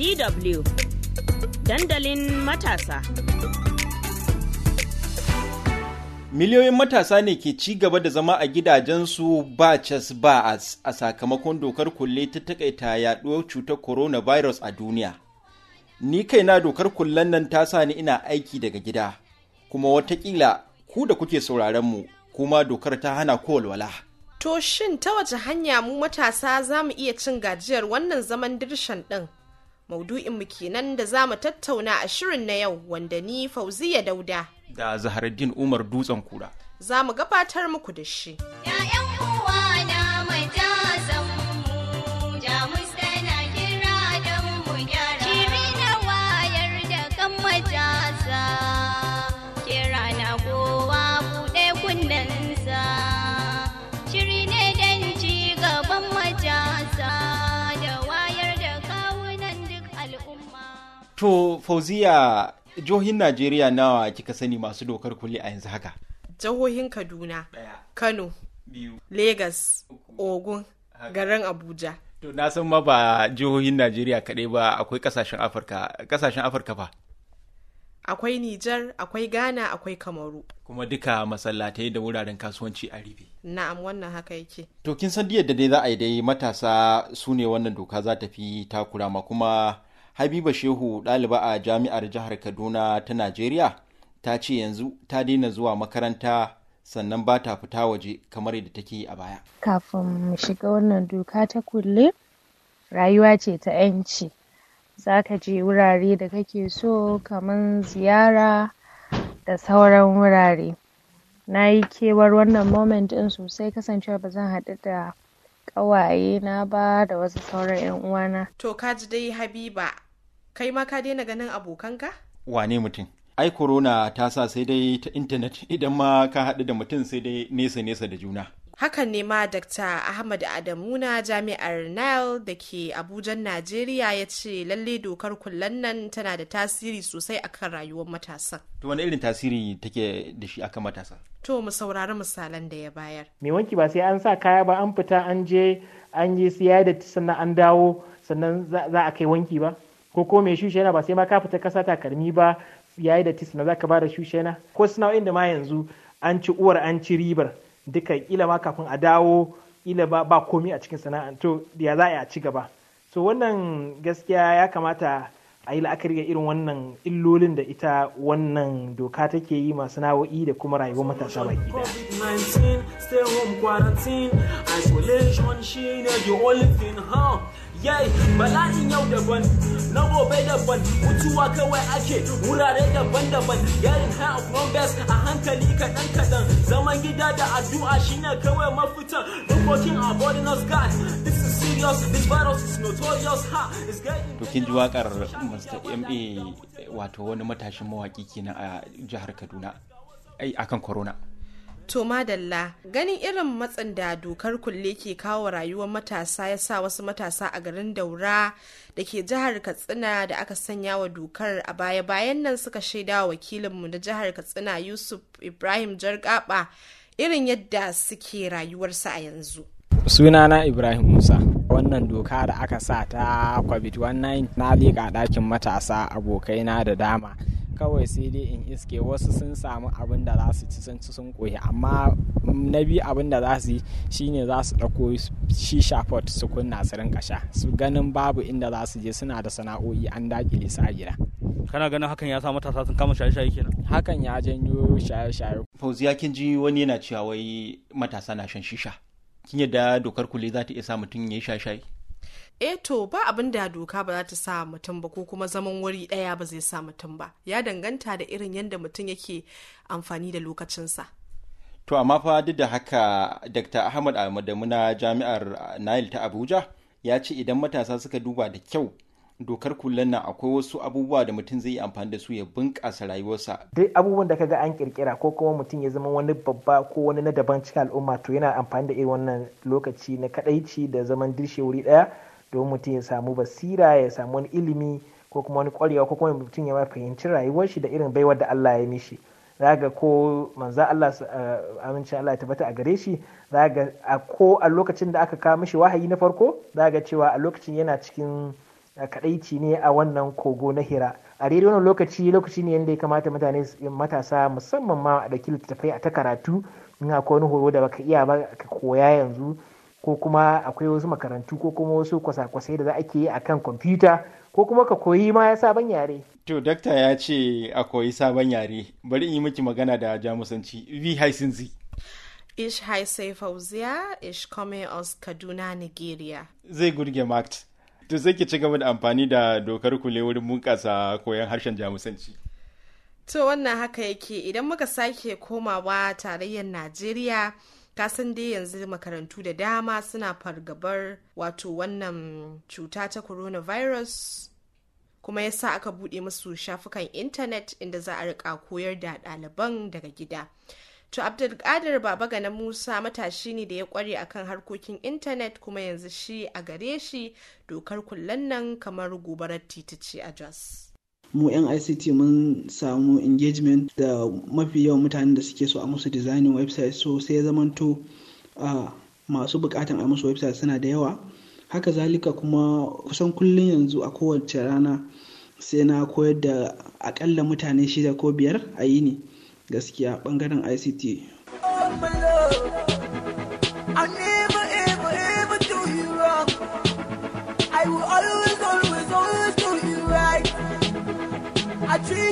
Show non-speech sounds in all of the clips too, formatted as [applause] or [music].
DW dandalin matasa. Miliyoyin matasa ne ke ci gaba da zama a gidajensu ba cas ba a sakamakon dokar kulle ta takaita yaduwar cutar coronavirus a duniya. Ni kaina dokar kullen nan ta sa ni ina aiki daga gida, kuma watakila ku da kuke sauraren mu kuma dokar ta hana kowalwala. To shin ta wace hanya mu matasa za mu iya cin gajiyar wannan zaman dirshan ɗin? Maudu'inmu kenan da za mu tattauna a shirin na yau wanda ni Fauziya Dauda. Da Zaharaddin Umar Dutsen Kura. Za mu gabatar muku da shi. To Fauziya jihohin Najeriya nawa kika sani masu dokar kulle a yanzu haka? Jihohin Kaduna, Kano, Legas, Ogun, garin Abuja. To na san ma ba jihohin Najeriya kaɗai ba akwai ƙasashen Afirka, ƙasashen Afirka ba. Akwai Nijar, akwai Ghana, akwai Kamaru. Kuma duka masallatai da wuraren kasuwanci a ribe. Na'am wannan haka yake. To kin san yadda dai za a yi dai matasa su ne wannan doka za ta fi takura ma kuma habiba shehu ɗaliba a jami'ar jihar kaduna ta najeriya ta ce yanzu ta daina zuwa makaranta sannan ba ta fita waje kamar yadda take a baya kafin mu shiga wannan doka ta kulle rayuwa ce ta 'yanci za ka je wurare da kake so kamar ziyara da sauran wurare na yi kewar wannan moment ɗin sosai kasancewa ba zan haɗu da ƙawaye na ba da wasu sauran 'yan uwana. To ka ji dai Habiba kai ma ka daina ganin abokanka wane mutum ai corona ta sa sai dai ta intanet [laughs] idan ma ka haɗu da mutum sai dai nesa nesa da juna hakan ne ma dr ahmad adamu na jami'ar nile da ke Abuja, najeriya ya ce lalle dokar kullan nan tana da tasiri sosai akan rayuwar matasan to wani irin tasiri take da shi akan matasa to mu saurari misalan da ya bayar mai wanki ba sai an sa kaya ba an fita an je an yi siya da sannan an dawo sannan za a kai wanki ba ko ko mai shushena ba sai ma ka fita kasa takalmi ba yayi da tis na zaka ba da shushena ko sana'o'in da ma yanzu an ci uwar an ci ribar duka ila ma kafin a dawo ila ba, ba komi a cikin sana'a to ya za a ci gaba so wannan gaskiya ya kamata a yi la'akari ga irin wannan illolin da ita wannan doka take yi masu nawo'i da kuma rayuwar matasa baki daya yay bala'in yau daban na gobe daban mutuwa kawai ake wurare daban-daban yarin high of numbers a hankali kaɗan kaɗan zaman gida da addu'a shine kawai mafita dokokin aborinus guys this is serious this virus is notorious ha is getting to kin ji wakar Mr. MA wato wani matashin mawaki kenan a jihar Kaduna ai akan corona To madalla ganin irin matsin da dokar kulle ke kawo rayuwar matasa ya sa wasu matasa a garin Daura da ke jihar Katsina da aka sanya wa dokar a baya-bayan nan suka shaida wa wakilinmu na jihar Katsina Yusuf Ibrahim Jargaba irin yadda suke rayuwarsa a yanzu. Sunana Ibrahim Musa. wannan doka da aka sa ta covid-19 na liƙa ɗakin matasa abokaina da dama kawai sai dai in iske wasu sun samu abin da za su ci sun ci sun koyi amma na biyu abin da za su yi shine za su ɗauko shisha shafot su kunna su rinka sha su ganin babu inda za su je suna da sana'o'i an dakile su a gida kana ganin hakan ya sa matasa sun kama shaye-shaye kenan hakan ya janyo shaye-shaye fauziya kin ji wani yana cewa wai matasa na shan shisha kin yadda dokar kule za ta iya sa mutum ya yi shaye-shaye eh to ba abin da doka ba za ta sa mutum ba ko kuma zaman wuri daya ba zai sa mutum ba ya danganta da irin yadda mutum yake amfani da lokacinsa to amma fa duk da haka dr ahmad ahmadu na jami'ar nile ta abuja ya ce idan matasa suka duba da kyau dokar kullen nan akwai wasu abubuwa da mutum zai yi amfani da su ya bunƙasa rayuwarsa. Duk abubuwan da kaga an kirkira ko kuma mutum ya zama wani babba ko wani na daban cikin al'umma to yana amfani da irin wannan lokaci na kadaici da zaman dirshe wuri daya don mutum ya samu basira ya samu wani ilimi ko kuma wani kwarewa ko kuma mutum ya fahimci rayuwar shi da irin baiwar da Allah ya mishi zaga ko manzo Allah eh, amincin Allah ya tabbata a gare shi zaga a ko a lokacin da aka kawo mishi wahayi na farko zaga cewa a lokacin yana cikin eh, kadaici ne a wannan kogo na Hira a daidai wannan lokaci lokaci ne yadda ya kamata mutane matasa musamman ma da littattafai a ta karatu ina ko wani horo da baka iya ba ka koya yanzu ko kuma akwai wasu makarantu ko kuma wasu kwasa-kwasai da za a ke yi akan kwamfuta ko kuma ka koyi ma ya sabon yare. To, dakta ya ce a koyi sabon yare, bari in yi miki magana da jamusanci, v haisin zi. Ish haise fauziya, ish kome os Kaduna, Nigeria. Zai gurge mat, To sai ki ci gaba da amfani da dokar kule wurin bunƙasa koyon harshen jamusanci. To wannan haka yake idan muka sake komawa tarayyar Najeriya kasan dai yanzu makarantu da dama suna fargabar wato wannan cuta ta coronavirus kuma yasa aka bude musu shafukan intanet inda za a rika koyar da ɗaliban daga gida to abdulkadir baba ga na musa matashi ne da ya kware akan harkokin intanet kuma yanzu shi a gare shi dokar kullan nan kamar gobarar titici a jos mu yan ICT mun samu engagement da mafi yawan mutanen da suke so a musu designing website so sai ya zamanto masu bukatan a musu website suna da yawa haka zalika kuma kusan kullum yanzu a kowace rana sai na koyar da akalla mutane shida ko biyar a yi ne gaskiya bangaren ICT.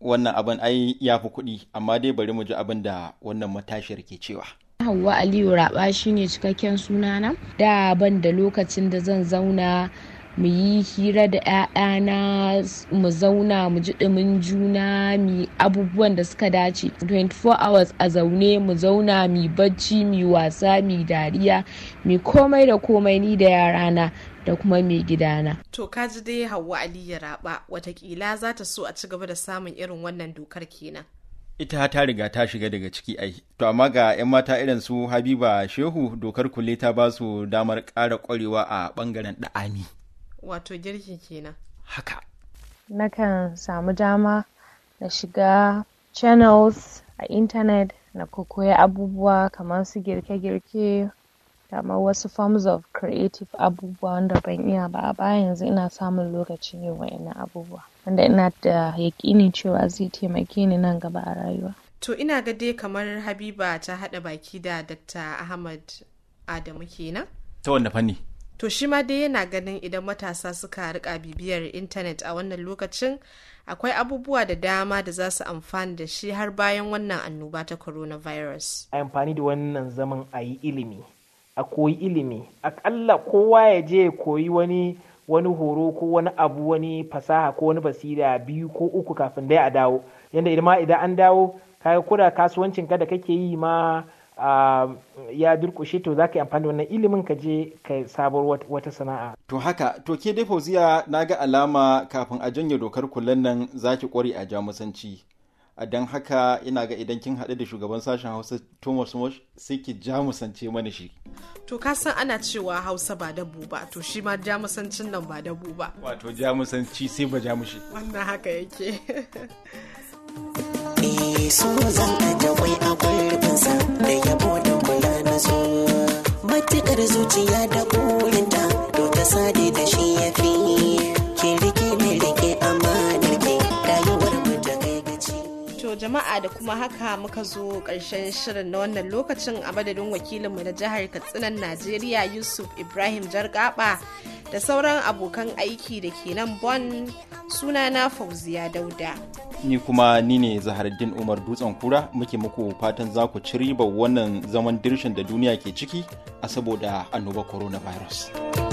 wannan abin ai ya fi kuɗi amma dai bari mu ji abin da wannan matashiyar ke cewa Hauwa Aliyu Raba shine cikakken sunana da ban da lokacin da zan zauna mu yi hira da 'ya'yana mu zauna mu ji juna mu abubuwan da suka dace 24 hours a zaune mu zauna mu bacci mu wasa mu dariya mu komai da komai ni da yarana da kuma mai gidana. To kaji dai Hauwa Ali ya raba watakila za ta so a ci gaba da samun irin wannan dokar kenan. Ita ta riga ta shiga daga ciki ai. To amma ga 'yan mata irin su Habiba Shehu dokar kule ta ba su damar ƙara ƙwarewa a ɓangaren ɗa'ami. wato girki kenan haka nakan samu dama na shiga channels a intanet na koya abubuwa kamar su girke-girke kamar wasu forms of creative abubuwa wanda ban iya ba a baya yanzu ina samun lokacin yin wa'annan abubuwa wanda ina da yaƙini cewa zai taimake ni nan gaba a rayuwa to ina ga dai kamar habiba ta haɗa baki da dr ahmad adamu kenan ta wanda fanni to shi ma dai yana ganin idan matasa suka rika bibiyar intanet a wannan lokacin akwai abubuwa da dama da za su amfani da shi har bayan wannan annoba ta coronavirus amfani da wannan zaman a yi ilimi a koyi ilimi akalla kowa ya je ya koyi wani wani horo ko wani abu wani fasaha ko wani basira biyu ko uku kafin dai a dawo yadda idan ma idan an dawo kaga koda kasuwancin ka da kake yi ma Um, ya durkushe to za ka yi amfani da wannan ilimin ka je ka sabuwar wata sana'a. To haka, to ke dai fauziya na ga alama kafin a janye dokar kullen nan za ki kware a jamusanci. Don haka ina ga idan kin haɗu da shugaban sashen Hausa Thomas Mosh sai ki jamusance mana shi. To ka san ana cewa Hausa ba dabu ba, to shi ma jamusancin nan ba dabu ba. Wato jamusanci sai ba jamushi. Wannan haka yake. [laughs] matukar zuciya da jama'a da kuma haka muka zo ƙarshen shirin na wannan lokacin a madadin wakilinmu na jihar katsinan najeriya yusuf ibrahim jargaba da sauran abokan aiki da ke nan bon sunana fauziya dauda ni kuma ni ne zaharaddin umar dutsen kura muke muku fatan za ku ci ribar wannan zaman dirshin da duniya ke ciki a saboda annobar coronavirus. virus